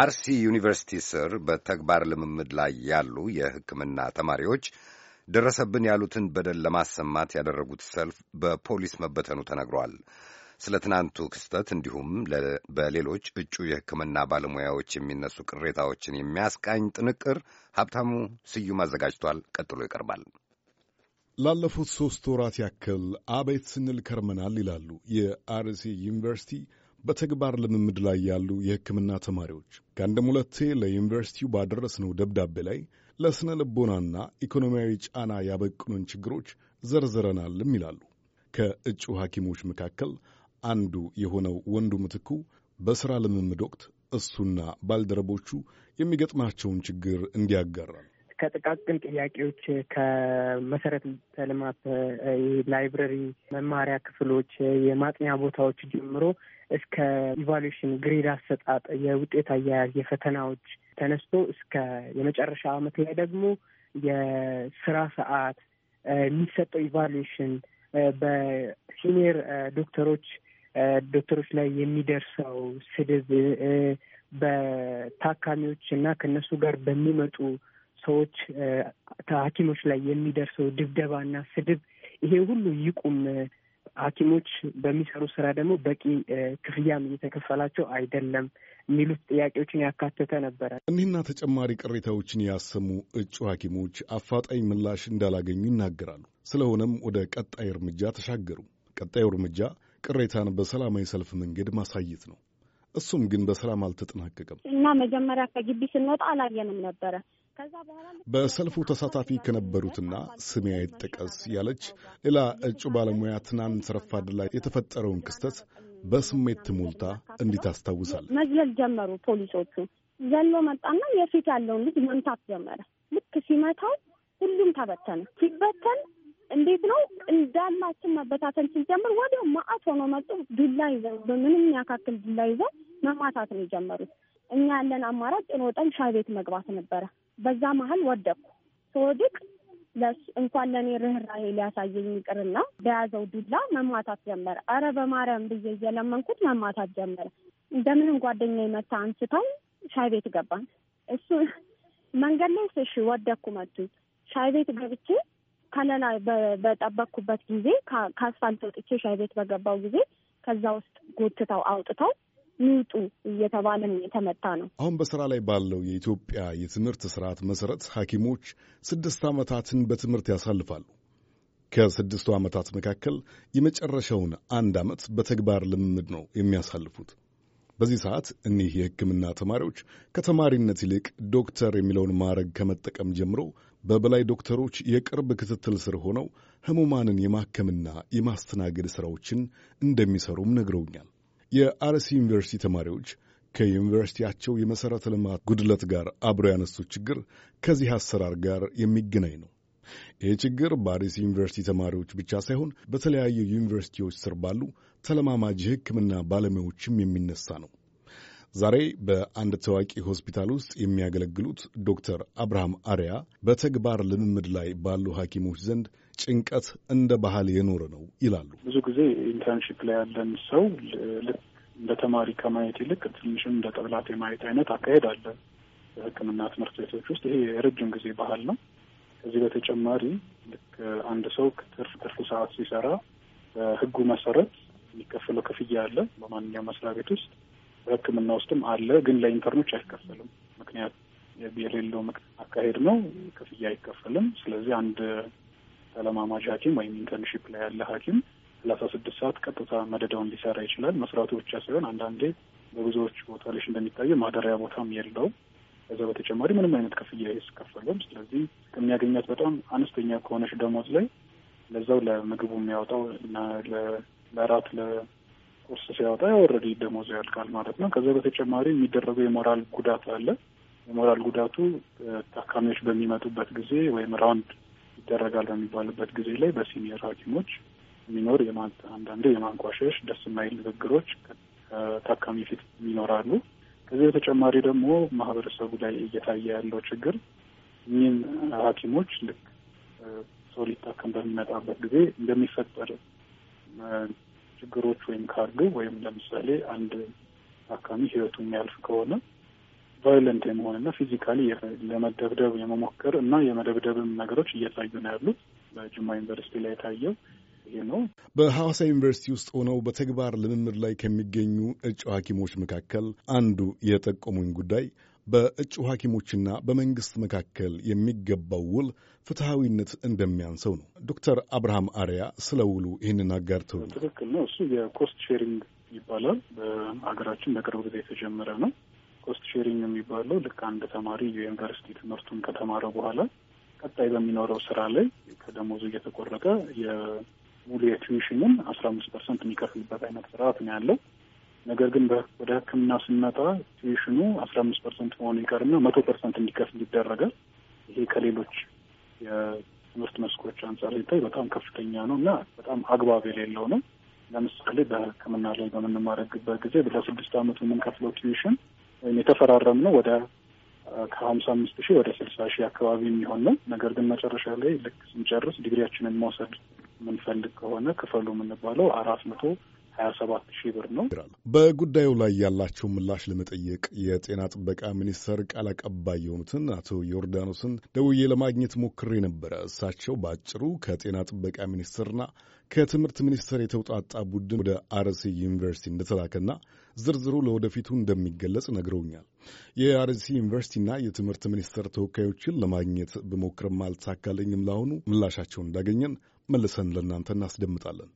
አርሲ ዩኒቨርሲቲ ስር በተግባር ልምምድ ላይ ያሉ የሕክምና ተማሪዎች ደረሰብን ያሉትን በደል ለማሰማት ያደረጉት ሰልፍ በፖሊስ መበተኑ ተነግሯል። ስለ ትናንቱ ክስተት እንዲሁም በሌሎች እጩ የሕክምና ባለሙያዎች የሚነሱ ቅሬታዎችን የሚያስቃኝ ጥንቅር ሀብታሙ ስዩም አዘጋጅቷል። ቀጥሎ ይቀርባል። ላለፉት ሦስት ወራት ያክል አቤት ስንል ከርመናል ይላሉ የአርሲ ዩኒቨርሲቲ በተግባር ልምምድ ላይ ያሉ የሕክምና ተማሪዎች ከአንድም ሁለቴ ለዩኒቨርሲቲው ባደረስነው ደብዳቤ ላይ ለሥነ ልቦናና ኢኮኖሚያዊ ጫና ያበቅኑን ችግሮች ዘርዝረናልም ይላሉ። ከእጩ ሐኪሞች መካከል አንዱ የሆነው ወንዱ ምትኩ በሥራ ልምምድ ወቅት እሱና ባልደረቦቹ የሚገጥማቸውን ችግር እንዲያጋራል። ከጥቃቅን ጥያቄዎች ከመሰረተ ልማት ላይብረሪ፣ መማሪያ ክፍሎች፣ የማጥኛ ቦታዎች ጀምሮ እስከ ኢቫሉዌሽን ግሬድ አሰጣጥ፣ የውጤት አያያዝ፣ የፈተናዎች ተነስቶ እስከ የመጨረሻ ዓመት ላይ ደግሞ የስራ ሰዓት የሚሰጠው ኢቫሉዌሽን በሲኒየር ዶክተሮች ዶክተሮች ላይ የሚደርሰው ስድብ በታካሚዎች እና ከእነሱ ጋር በሚመጡ ሰዎች ከሐኪሞች ላይ የሚደርሰው ድብደባና ስድብ ይሄ ሁሉ ይቁም። ሐኪሞች በሚሰሩ ስራ ደግሞ በቂ ክፍያም እየተከፈላቸው አይደለም የሚሉት ጥያቄዎችን ያካተተ ነበረ። እኒህና ተጨማሪ ቅሬታዎችን ያሰሙ እጩ ሐኪሞች አፋጣኝ ምላሽ እንዳላገኙ ይናገራሉ። ስለሆነም ወደ ቀጣይ እርምጃ ተሻገሩ። ቀጣዩ እርምጃ ቅሬታን በሰላማዊ ሰልፍ መንገድ ማሳየት ነው። እሱም ግን በሰላም አልተጠናቀቀም እና መጀመሪያ ከግቢ ስንወጣ አላየንም ነበረ። በሰልፉ ተሳታፊ ከነበሩትና ስሜ አይጠቀስ ያለች ሌላ እጩ ባለሙያ ትናንት ረፋድ ላይ የተፈጠረውን ክስተት በስሜት ትሞልታ እንዲህ ታስታውሳለች። መዝለል ጀመሩ ፖሊሶቹ። ዘሎ መጣና የፊት ያለውን ልጅ መምታት ጀመረ። ልክ ሲመታው ሁሉም ተበተነ። ሲበተን እንዴት ነው እንዳላችን መበታተን ሲጀምር ወዲያው ማአት ሆኖ መጡ። ዱላ ይዘው በምንም ያካክል ዱላ ይዘው መማታት ነው የጀመሩት። እኛ ያለን አማራጭ ሮጠን ሻይ ቤት መግባት ነበረ። በዛ መሀል ወደቅኩ። ስወድቅ እንኳን ለእኔ ርኅራሄ ሊያሳየኝ ይቅርና በያዘው ዱላ መማታት ጀመረ። አረ በማርያም ብዬ እየለመንኩት መማታት ጀመረ። እንደምንም ጓደኛ መታ አንስታው ሻይ ቤት ገባን። እሱ መንገድ ላይ ስሽ ወደኩ መቱ። ሻይ ቤት ገብቼ ከለላ በጠበቅኩበት ጊዜ ከአስፋልት ወጥቼ ሻይ ቤት በገባው ጊዜ ከዛ ውስጥ ጎትተው አውጥተው ይውጡ እየተባለን የተመታ ነው። አሁን በስራ ላይ ባለው የኢትዮጵያ የትምህርት ስርዓት መሰረት ሐኪሞች ስድስት ዓመታትን በትምህርት ያሳልፋሉ። ከስድስቱ ዓመታት መካከል የመጨረሻውን አንድ ዓመት በተግባር ልምምድ ነው የሚያሳልፉት። በዚህ ሰዓት እኒህ የሕክምና ተማሪዎች ከተማሪነት ይልቅ ዶክተር የሚለውን ማዕረግ ከመጠቀም ጀምሮ በበላይ ዶክተሮች የቅርብ ክትትል ስር ሆነው ሕሙማንን የማከምና የማስተናገድ ሥራዎችን እንደሚሰሩም ነግረውኛል። የአርሲ ዩኒቨርሲቲ ተማሪዎች ከዩኒቨርሲቲያቸው የመሠረተ ልማት ጉድለት ጋር አብረው ያነሱት ችግር ከዚህ አሰራር ጋር የሚገናኝ ነው። ይህ ችግር በአርሲ ዩኒቨርሲቲ ተማሪዎች ብቻ ሳይሆን በተለያዩ ዩኒቨርሲቲዎች ስር ባሉ ተለማማጅ ህክምና ባለሙያዎችም የሚነሳ ነው። ዛሬ በአንድ ታዋቂ ሆስፒታል ውስጥ የሚያገለግሉት ዶክተር አብርሃም አሪያ በተግባር ልምምድ ላይ ባሉ ሐኪሞች ዘንድ ጭንቀት እንደ ባህል የኖረ ነው ይላሉ። ብዙ ጊዜ ኢንተርንሽፕ ላይ ያለን ሰው ልክ እንደ ተማሪ ከማየት ይልቅ ትንሽም እንደ ጠብላት የማየት አይነት አካሄድ አለ በሕክምና ትምህርት ቤቶች ውስጥ ይሄ የረጅም ጊዜ ባህል ነው። ከዚህ በተጨማሪ ልክ አንድ ሰው ትርፍ ትርፍ ሰዓት ሲሰራ በህጉ መሰረት የሚከፈለው ክፍያ አለ በማንኛውም መስሪያ ቤት ውስጥ በሕክምና ውስጥም አለ። ግን ለኢንተርኖች አይከፈልም። ምክንያት የሌለው አካሄድ ነው። ክፍያ አይከፈልም። ስለዚህ አንድ ተለማማጅ ሐኪም ወይም ኢንተርንሺፕ ላይ ያለ ሐኪም ሰላሳ ስድስት ሰዓት ቀጥታ መደዳውን ሊሰራ ይችላል። መስራቱ ብቻ ሳይሆን አንዳንዴ በብዙዎች ቦታ ላይ እንደሚታየው ማደሪያ ቦታም የለውም። ከዛ በተጨማሪ ምንም አይነት ክፍያ አይከፈለውም። ስለዚህ ከሚያገኛት በጣም አነስተኛ ከሆነች ደሞዝ ላይ ለዛው ለምግቡ የሚያወጣው እና ለራት ለቁርስ ሲያወጣ ያወረድ ደሞዝ ያልቃል ማለት ነው። ከዛ በተጨማሪ የሚደረገው የሞራል ጉዳት አለ። የሞራል ጉዳቱ ታካሚዎች በሚመጡበት ጊዜ ወይም ራውንድ ይደረጋል በሚባልበት ጊዜ ላይ በሲኒየር ሐኪሞች የሚኖር አንዳንዴ የማንቋሸሽ ደስ የማይል ንግግሮች ታካሚ ፊት ይኖራሉ። ከዚህ በተጨማሪ ደግሞ ማህበረሰቡ ላይ እየታየ ያለው ችግር እኚህን ሐኪሞች ልክ ሰው ሊታከም በሚመጣበት ጊዜ እንደሚፈጠር ችግሮች ወይም ካሉ ወይም ለምሳሌ አንድ ታካሚ ህይወቱ የሚያልፍ ከሆነ ቫዮለንት የመሆንና ፊዚካሊ ለመደብደብ የመሞከር እና የመደብደብም ነገሮች እየታዩ ነው ያሉት። በጅማ ዩኒቨርሲቲ ላይ የታየው ነው። በሐዋሳ ዩኒቨርሲቲ ውስጥ ሆነው በተግባር ልምምድ ላይ ከሚገኙ እጩ ሐኪሞች መካከል አንዱ የጠቆሙኝ ጉዳይ በእጩ ሐኪሞችና በመንግሥት መካከል የሚገባው ውል ፍትሐዊነት እንደሚያንሰው ነው። ዶክተር አብርሃም አሪያ ስለ ውሉ ይህንን አጋርተው። ትክክል ነው። እሱ የኮስት ሼሪንግ ይባላል። በሀገራችን በቅርብ ጊዜ የተጀመረ ነው። ኮስት ሼሪንግ የሚባለው ልክ አንድ ተማሪ የዩኒቨርሲቲ ትምህርቱን ከተማረ በኋላ ቀጣይ በሚኖረው ስራ ላይ ከደሞዙ እየተቆረጠ የሙሉ የትዊሽንን አስራ አምስት ፐርሰንት የሚከፍልበት አይነት ስርዓት ነው ያለው። ነገር ግን ወደ ሕክምና ስንመጣ ትዊሽኑ አስራ አምስት ፐርሰንት መሆኑ ይቀርና መቶ ፐርሰንት እንዲከፍል ይደረጋል። ይሄ ከሌሎች የትምህርት መስኮች አንጻር ሲታይ በጣም ከፍተኛ ነው እና በጣም አግባብ የሌለው ነው። ለምሳሌ በሕክምና ላይ በምንማረግበት ጊዜ ለስድስት ዓመቱ የምንከፍለው ትዊሽን ወይም የተፈራረም ነው ወደ ከሀምሳ አምስት ሺህ ወደ ስልሳ ሺህ አካባቢ የሚሆን ነው። ነገር ግን መጨረሻ ላይ ልክ ስንጨርስ ዲግሪያችንን መውሰድ የምንፈልግ ከሆነ ክፈሉ የምንባለው አራት መቶ ሀያ ሰባት ሺህ ብር ነው። በጉዳዩ ላይ ያላቸው ምላሽ ለመጠየቅ የጤና ጥበቃ ሚኒስቴር ቃል አቀባይ የሆኑትን አቶ ዮርዳኖስን ደውዬ ለማግኘት ሞክሬ ነበረ። እሳቸው በአጭሩ ከጤና ጥበቃ ሚኒስቴርና ከትምህርት ሚኒስቴር የተውጣጣ ቡድን ወደ አርሲ ዩኒቨርሲቲ እንደተላከና ዝርዝሩ ለወደፊቱ እንደሚገለጽ ነግረውኛል። የአርሲ ዩኒቨርሲቲና የትምህርት ሚኒስቴር ተወካዮችን ለማግኘት ብሞክርም አልተሳካልኝም። ለአሁኑ ምላሻቸውን እንዳገኘን መልሰን ለእናንተ እናስደምጣለን።